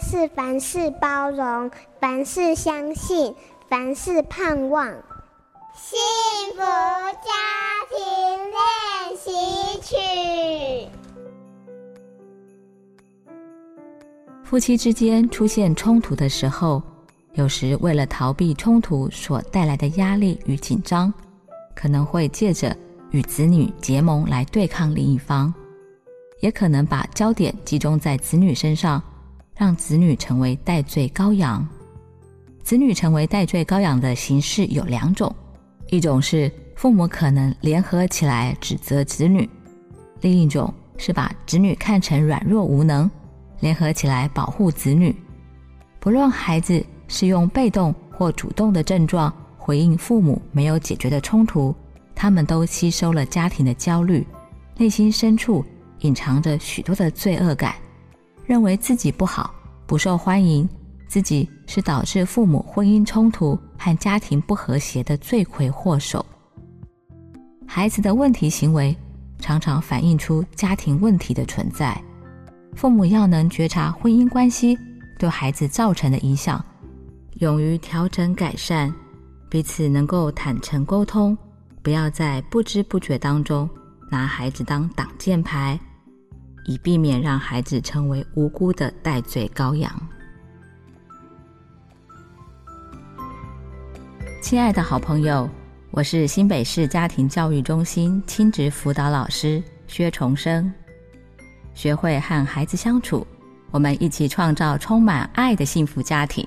是凡事包容，凡事相信，凡事盼望。幸福家庭練習曲。夫妻之間出現衝突的時候，有時為了逃避衝突所帶來的壓力與緊張，可能會借着與子女結盟來對抗另一方，也可能把焦點集中在子女身上。讓子女成為代罪羔羊，子女成為代罪羔羊的形式有兩種：一種是父母可能聯合起來指責子女；另一種是把子女看成軟弱無能，聯合起來保護子女。不論孩子是用被動或主動的症狀回應父母沒有解決的衝突，他們都吸收了家庭的焦慮，內心深處隱藏着許多的罪惡感。認為自己不好，不受歡迎，自己是導致父母婚姻衝突和家庭不和諧的罪魁禍首。孩子的問題行為常常反映出家庭問題的存在，父母要能覺察婚姻關係對孩子造成的影響，勇於調整改善，彼此能夠坦誠溝通，不要在不知不覺當中拿孩子當擋箭牌。以避免讓孩子成為無辜的代罪羔羊。親愛的好朋友，我是新北市家庭教育中心親職輔導老師薛重生。學會和孩子相處，我們一起創造充滿愛的幸福家庭。